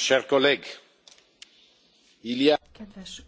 kedves